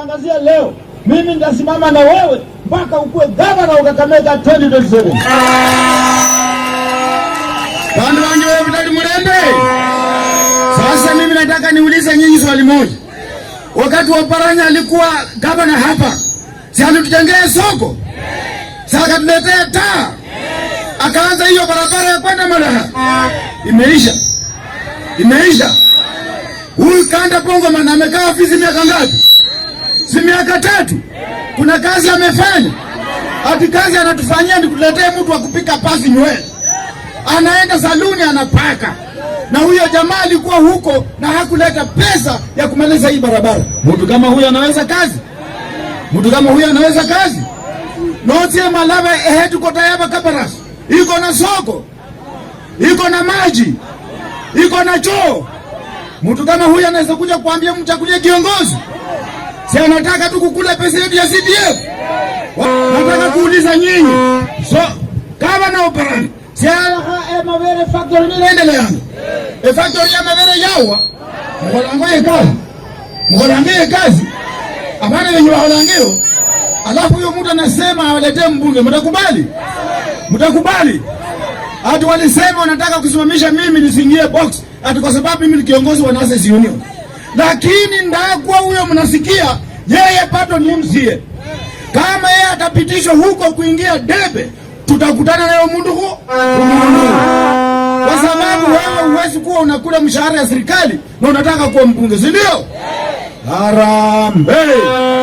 nakutangazia leo, mimi nitasimama na wewe mpaka ukuwe gavana wa Kakamega 2027. Pande wangu wewe Vitali Murembe. Sasa mimi nataka niulize nyinyi swali moja. Wakati wa Paranya alikuwa gavana hapa. Si alitutengea soko? Si akatuletea taa? Akaanza hiyo barabara ya kwenda Malaha, Imeisha. Imeisha. Huyu kanda Pongo maana amekaa ofisi miaka ngapi? miaka tatu, kuna kazi amefanya? Ati kazi anatufanyia ni kuletea mtu wa kupika pasi nywele, anaenda saluni anapaka. Na huyo jamaa alikuwa huko na hakuleta pesa ya kumaliza hii barabara. Mtu kama huyo anaweza kazi? Mtu kama huyo anaweza kazi? notie malava ehetukotayava Kabaras iko na soko, iko na maji, iko na choo. Mtu kama huyo anaweza kuja kuambia mchagulie kiongozi? Si anataka tu kukula pesa yetu ya CDF. Nataka kuuliza nyinyi. So kama na operani si e mavere factory ni inaendelea. E factory ya mavere yawa. Mkolangoe kazi. Mkolangoe kazi. Hapana wenye waholangeo. Alafu huyo mtu anasema awalete mbunge. Mtakubali? Mtakubali? Ati walisema wanataka kusimamisha mimi nisingie box. Ati kwa sababu mimi ni kiongozi wa Nurses Union lakini Ndagwa huyo mnasikia yeye bado ni MCA. Kama yeye atapitishwa huko kuingia debe, tutakutana nayo mundu huo, kwa sababu wewe huwezi kuwa unakula mshahara ya serikali na unataka kuwa mbunge, si ndio? Harambee!